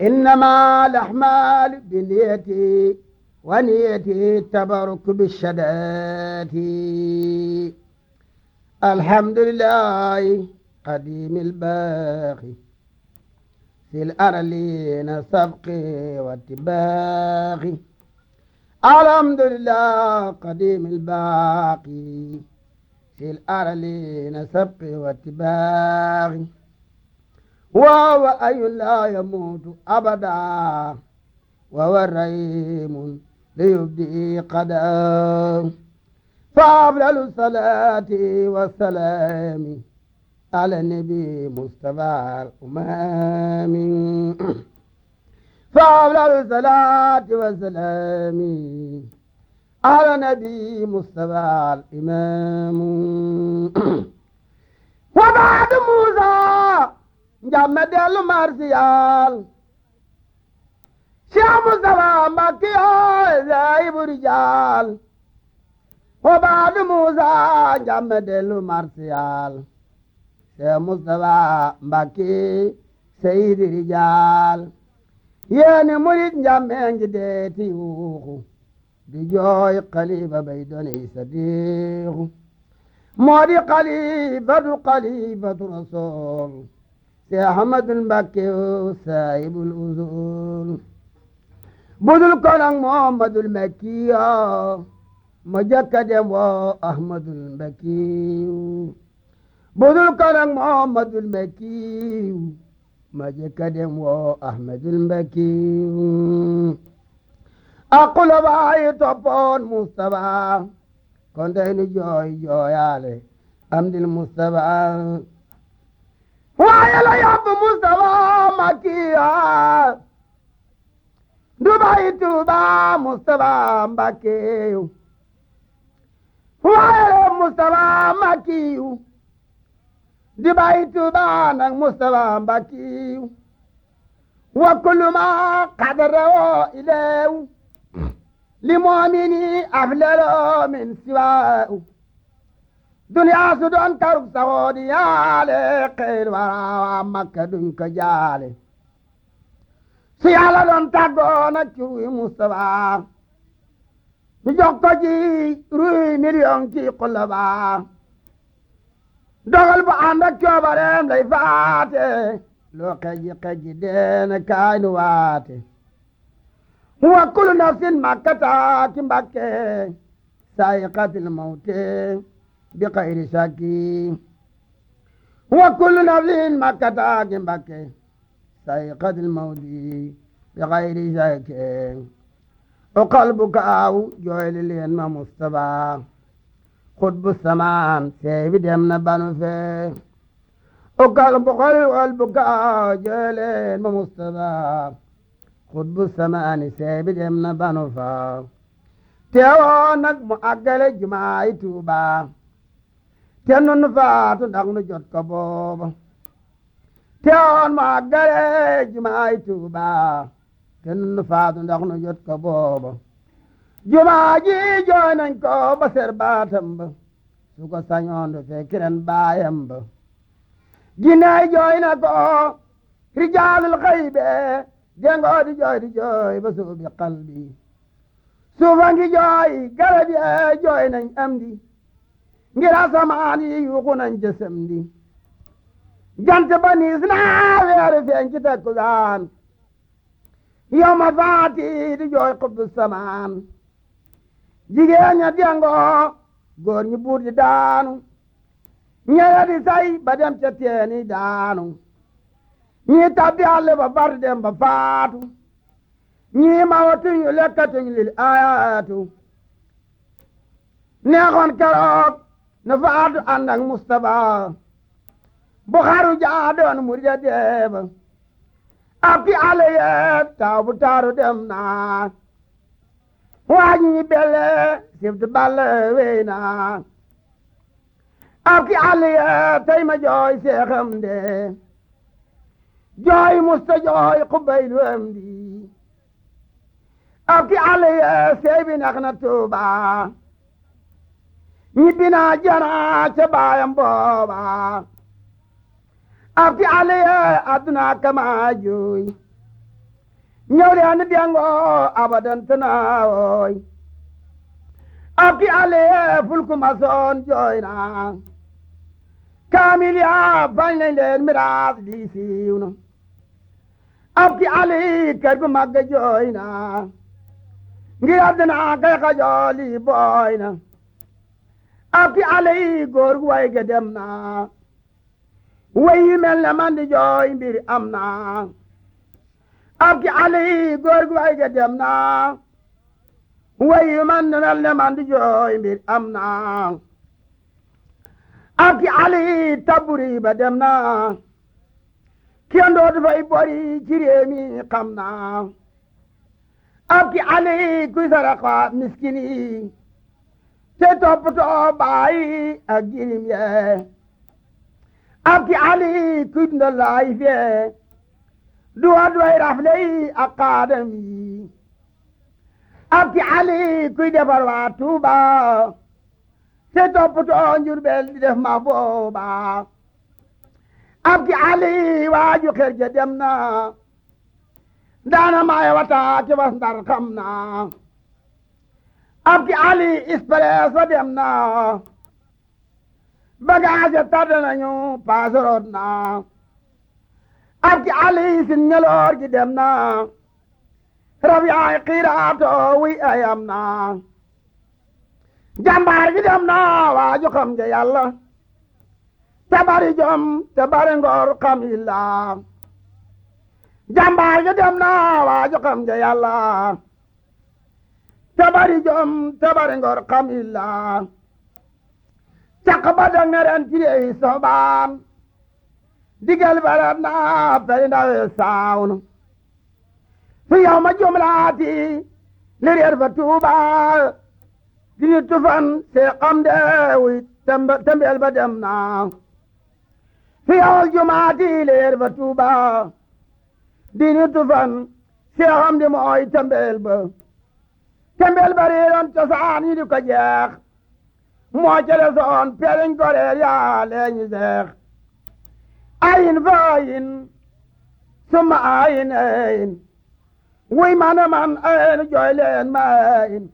إنما الأعمال بالنية ونية التبرك بالشدات الحمد لله قديم الباقي في الأرلين سبق واتباقي الحمد لله قديم الباقي في الأرلين سبق واتباقي هو وأي لا يموت أبدا وهو الرحيم ليبدي قدا فأفضل الصلاة والسلام على النبي مصطفى الأمام فأفضل الصلاة والسلام على النبي مصطفى الإمام وبعد موسى njàmme dellu marsiyaal Cheikh Moustapha Mbacke yooy lay bu rijaal Obaadu Muusa njàmme dellu marsiyaal Cheikh Moustapha Mbacke seydi rijaal yéeni murit njàmme ngi deeti yuuxu di jooy xaliba bay donay sadiixu moo di xalibatu xalibatu rasool si Ahmadu Mbàkke saahibul usul budul ko nag Muhammadul Makki ma jëkka dem woo Ahmadul Mbàkke budul ko nag Muhammadul Makki ma jëkka dem woo Ahmadul Mbàkke aqula baayi toppoon Mustafa kon tey nu jooy jooyaale amdil Mustafa waaye la yóbbu Mustafa Makiya Dubai Tuuba Mustafa Mbakeyu waaye Mustafa Makiyu Dubai Tuuba nag Mustafa Mbakeyu wa kullu ma qadarahu ilayhi li mu'mini aflalu min siwaahu duniyaa su doon karug saxoo yaale xëyr waraawa makka duñ jaale su yàlla doon tàggoo nag ci ruy Mustafa du ruy million ci xulaba dogal bu ànd ak coobareem lay faate loo xeji xeji deen kaay nu waate mu wakkulu nafsin makkata ci mbakke saayiqatil mawte بغير شك وكل نفس مكة مكة سيقد الموت بغير شك وقلبك أو جعل الينم مصطفى قطب السمان سيف دمنا بنو فيه وقلب قلب قلبك جعل الينم مصطفى قطب السمان سيف دمنا بنو فيه teewoo nag mu àggale jumaa yi Tuuba te nun faatu ndax nu jot ko booba te woon maa gare jumaay Tuuba te nun faatu ndax nu jot ko booba jumaa ji jooy nañ ko ba ser ba su sañoon du fekk baayam ba ginnaay jooy na ko rijaalul xaybe jengoo di jooy di jooy ba suubi qalbi suufa ngi jooy garab yee jooy nañ am di ngir asamaan yi yuuxu nañ ca samedi jant ba niis naa weeru feeñ ci takkusaan yow ma di jooy xubbu samaan jigéen ña dengoo góor ñi buur di daanu ñeya di say ba dem ca daanu ñii tabbi àll ba far dem ba faatu ñii mawatuñu lekkatuñu lil aatu neexoon keroog na faatu ànd ak Mustapha bu xaru jaa doon murja deeba appi ale yépp taw bu taaru dem naa waaj ñi bele siftu balle wey naa appi ale yépp tey ma jooy seexam de jooy musta jooy xubaylu am di appi ale yépp seey bi nax na Tuubaa ñibbi naa jana ca baayam booba afti ale aduna kama jooy ñëw de an diango abadan tanaawoy afti ale fulku masoon jooy na kaamil ya bañ nañ leen miraas di siiw na afti ale kër gu màgg jooy na ngir aduna kay xajooli booy na appi alay góor gu way ga dem na way mel na man di jooy am na appi alay góor gu way ga dem na way mel na man di jooy am na appi alay taburi ba dem na kenn dootu fay bori ci réew mi na appi alay kuy saraxa miskin yi te toppatoo bàyyi ak jirim yee ab ki ali kuy dundal laay fee du wa doy rafle yi ak xaadam yi ab ki ali kuy defar waa Tuuba te toppatoo Njurbel di def ma booba ab ki ali waaju xer dem na daana maaya wata ke was ndar xam na ab ali express wa dem na bagage tàdd nañu paasaroot na ab ki ali sin ñeloor gi dem na rabi ay xiiraato wi ayam na jàmbaar gi dem na waaju xam nga yàlla te jom te bari ngor xam illa jàmbaar gi dem na waaju xam nga yàlla tabari jom tabari ngor kamilla cakba dangaren tirey soɓam digel baratna perindawe sawno fi yawma jumlati lirer fa tuba dini tufan se kamde wi tembel ba demna fi yawal jumati lirer fa tuba dini tufan se kamde mooy tembel ba te mbel bari yi di ko jeex moo cele soon ko reer yaa leeñu seex ayin fa ayin ayin ayin wuy man man ayin jooy ma ayin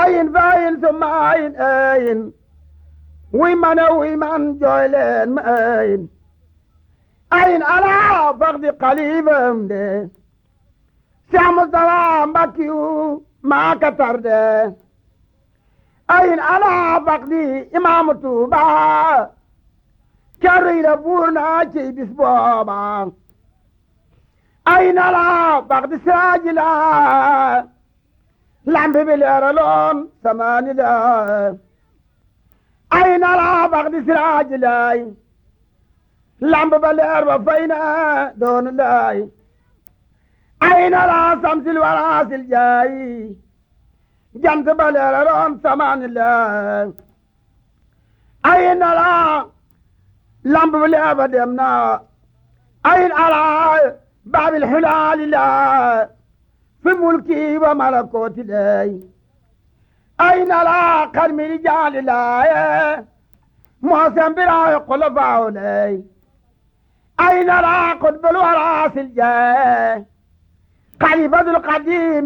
ayin fa ayin ayin ayin wuy man wuy man jooy ma ayin ayin alaa faqdi qalibam de Cheikh Moustapha Mbakiyu maa tarde ayin ala faqdi imaamu Tuuba carri la buurna ci bis booba ayin ala faqdi siraaji la lampi bi siraaji laay lamp ba leer ba fay na laay ay na laa samsil waraasil jaay jant ba leeraroon samaan la ay na laa lamp bu lee ba dem na ay ala baabil xulaali la fi mulki wa malakooti lay ay na laa xarmi rijaali laaye moo sembiraayu xulafaaw lay ay na laa xutbul waraasil jaay خليفة القديم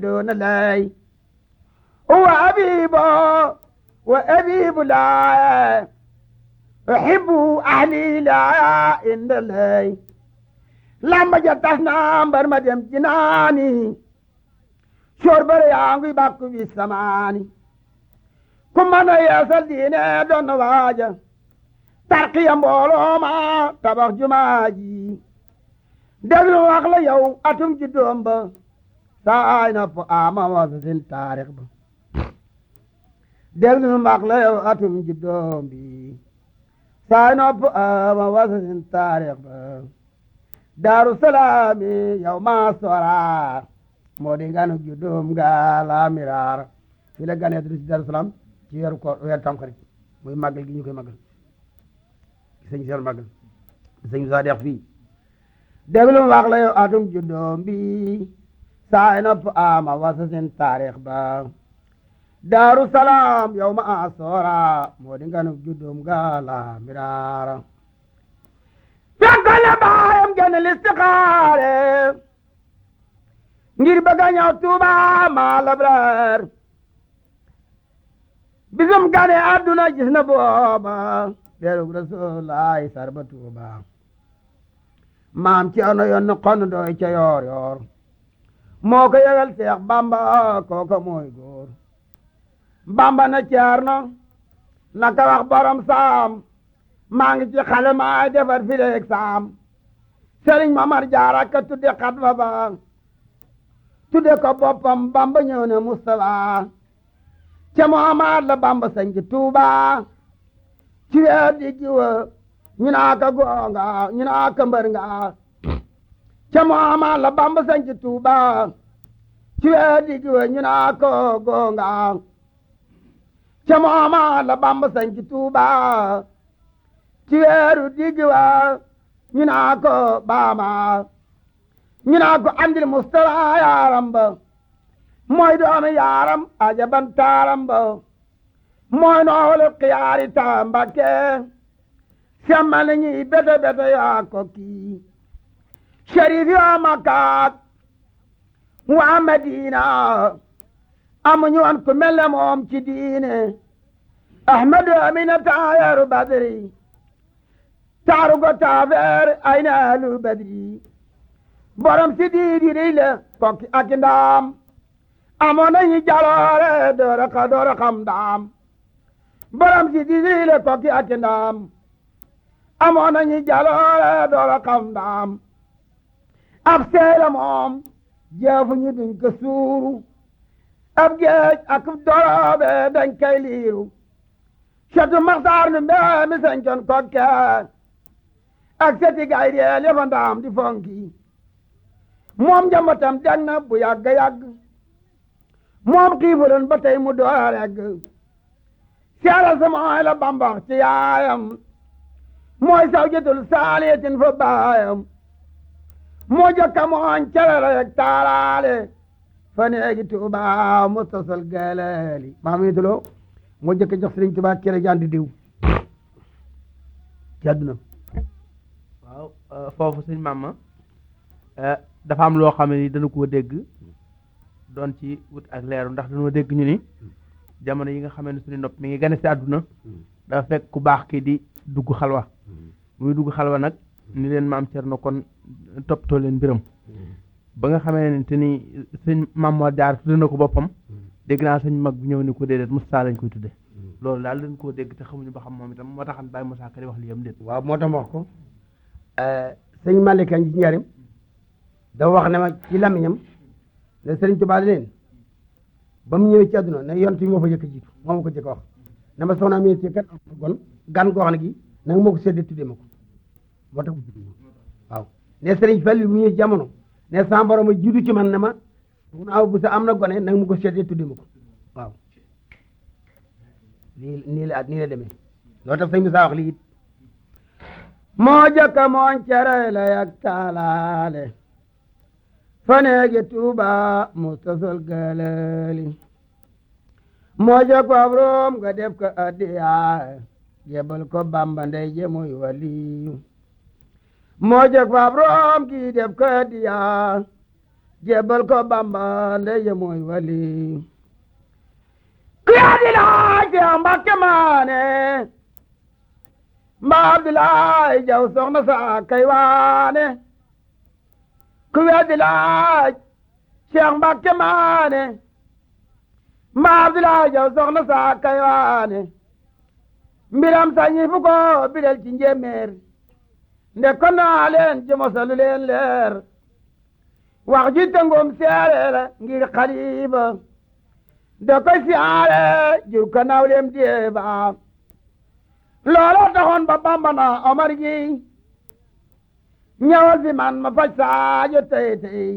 دون الله هو أبيب وأبيب لا أحب أهلي لا إن الله لما جتهنا برمجم جناني شربر يانغي باكو بسماني كمانا يسال ديني دون واجه ترقيا مبولوما تبخ جماجي déglu wax la yow atum ci ba saa aay na po ama wasasin taarix ba déglu wax la yow atum ci bi saa aay na po ama wasasin taarix ba daaru salaami yow maa soraar moo di ganu ju ga la miraar fi la ganee tudd ci daaru salaam ci weeru ko weeru tamxarit muy màggal gi ñu koy màggal sëñ seen màggal sëñ Musaa fii déglum wax la yow atum juddoom bi saay nopp ama wasa seen taarix ba daaru salaam yow ma moo di nganub juddoom ga la miraara fekkale baayam genn listixaare ngir bëgg a ñëw tuuba maa labrar bisum gane àdduna gis na booba deerug rasulullaay sarba tuuba maam Ceerno yoon na kon doy yoor yoor moo ko yegal Seex Bamba kooka mooy góor Bamba na Ceerno naka wax borom saam maa ngi ci xale maay defar fileeg saam Sëriñ Mamar Jaara ka tudde xatma ba tudde ko boppam Bamba ñëw ne Mustafa ca Muhammad la Bamba sanc Tuuba ci weer di jiwa ñu naa ka mbër nga ca la bamba sanc tuuba ci wee digg we ñu naa la bamba sanc tuuba ci weeru digg we baama ñu andil mustafa yaaram mooy doomi yaaram ajaban taaram ba mooy noolu xiyaari taambake càmmal ñi bete bete yaa ko kii sherif yoo makkaat waa madina amuñu woon ku mel moom ci diine ahmadu amina taayaru badri taaru ko taafeer ay na ahlu badri borom si diidi rëy la kokki ak ndaam nañu jaloore doora ka doora xam ndaam borom si diidi rëy la kokki ak amoon nañu jaloore doola xam ndaam ab seela moom jëfuñu duñ ko suuru ab géej ak dorobe dañ koy liiru setu maxtaar nu mbee mi sañcoon kokke ak seti gay reel yafa ndaam di fonki moom njambatam jag na bu yàgg-yàgg moom xiifuloon ba tey mu door regg seera samooy la bambax ci yaayam mooy sawjatul saaliyatin fa baayam moo jokka mooñ calala yak taalaale fa neegi tuuba mustasal galaali maam yi duloo moo jëkka jox sëriñ Tuubaa cere jandi diw ci àdduna waaw euh, foofu sëñ maama euh, dafa am loo xam ni dana koo dégg doon ci wut ak leeru ndax dañoo dégg ñu ni hmm. jamono yi nga xam ne suñu nopp mi ngi gane si àdduna hmm. dafa fekk ku baax kii di dugg xalwa mm-hmm. muy dugg xalwa nag ni leen maam Cerno kon too leen mbiram mm-hmm. ba nga xamante ni sëñ maam Mor Jaar tudde na ko boppam mm-hmm. dégg naa sëñ mag bu ñëw ni ko déedéet Moussa lañ koy tudde loolu daal dañ koo dégg te xamuñu ba xam moom itam moo tax Baye Moussa Ka di wax li yam déet waaw moo tax wax ko eh, sëñ Malika ci njariñ dafa wax ne ma ci lamiñam ne sëriñ Tuubaa leen ba mu ñëwee ci àdduna ne yonent yi moo fa jëkk jiitu moo ko jëkk na ma soxna amee si kat gon gan goo xam ne gi na nga ma ko séddee tuddee ma ko moo tax juddu waaw ne sëriñ Fallu mu ñu jamono ne sa borom a juddu ci ne ma naaw bu sa am na gone na nga ma ko séddee tuddee ma ko waaw nii nii la nii la demee loolu moo jëkka la yak taalaale fa neegi tuuba mu sosol gëlëli mooja ko abroom nga def ko addiya jebal ko bamba ndey je muy waliyu mooja ko abroom kii def ko addiya jebal ko bamba ndey je muy waliyu kuyadi laay ke mbakke maane mba abdulaay jaw soxna saa kay waane kuyadi laay cheikh mbakke maane mbaab di laa jaw soxna saa kay waane mbiram sañi fu ko bidel ci njéeméer nde naa leen ji mosalu leen leer wax ji tëngoom seere la ngir xaliba de ko siyaare jur ko nawleem déeba loola taxoon ba bamba na omar gi ñëwal fi man ma faj saajo tey tey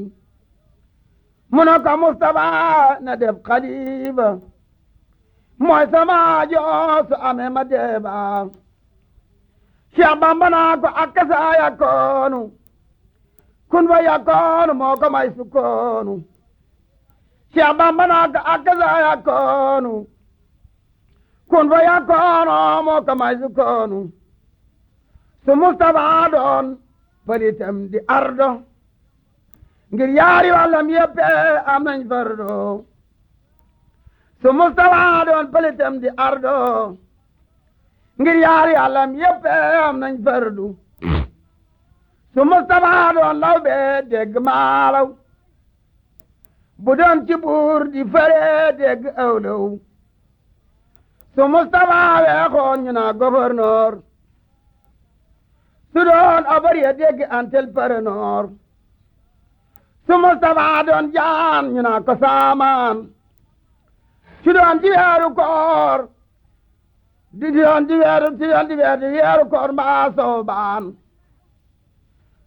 mu ne ko Moustapha na def xalifa mooy sama joo su amee ma deeba Cheikh Bamba naa ko ak kasa yakkoonu kun ba yakkoonu moo ko may sukkoonu Cheikh Bamba naa ko ak kasa yakkoonu kun ba yakkoonu moo ko may sukkoonu su Moustapha doon pëlitam di ardo ngir yaari wàllam yëpp am nañ fardo su Mustafa doon pëlitam di ardo ngir yaari wàllam yëpp am nañ fardu su Mustafa law be dégg maalaw bu doon ci buur di fëre dégg awlaw su Mustafa weexoon ñu naa gouverneur su doon abariya dégg antel parenor su Moustapha doon jaan ñu naa ko saamaan su doon ci weeru koor di doon ci weeru ci weeru koor mbaa baan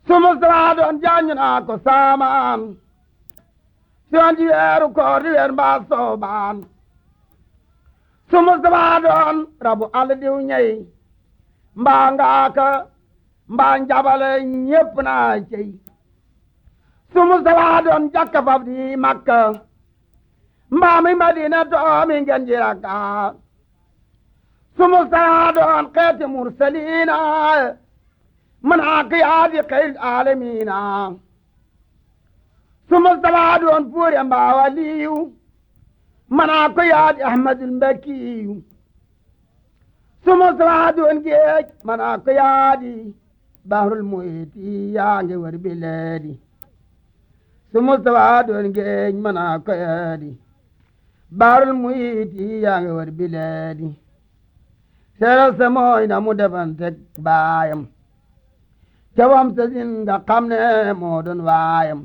su Moustapha doon jaan ñu naa ko saamaan su doon ci weeru koor di weeru mbaa baan su Moustapha doon rabu àll diw ñey mbaa ngaaka mbaa njabale ñépp naa cey su Mustafa doon jàkka fab di Makka mbaami Madina doomi ngeen ji rakka su Mustafa doon xeeti mursaliina man aqiyaadi xeyri alamiina su Mustafa doon puuri mbaawaliyu man Ahmadul Mbakiyu su Mustafa doon géej man aqiyaadi bahrul muhiti ngi wër bi su Mustafa doon ngeeñ mën a koyaadi baarul muyiiti yaa ngi war bileedi seeral sa mooy na mu defanteg baayam cawam sa sin nga xam ne moo doon waayam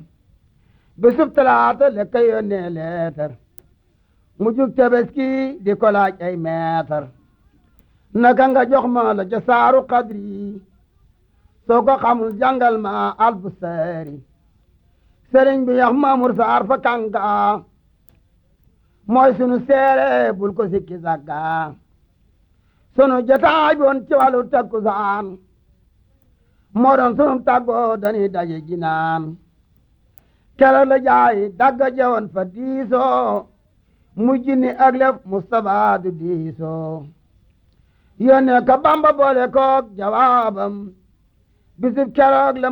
bisub talaata la ka yónnee leetar mu jug tabaski di ko laaj ay meetar naka nga jox ma la ca saaru soo ko xamul jàngal ma albusari sëriñ bi yax Maamur Saar fa kànga mooy sunu seere bul ko sikki sàkka sunu jotaay boon ci wàllu takkusaan moo doon sunu tàggoo dañuy daje ginaan keroog la jaay dagga jewoon fa diisoo mu jinni ak lef Mustapha du diisoo ka Bamba boole koog jawaabam bisib keroog la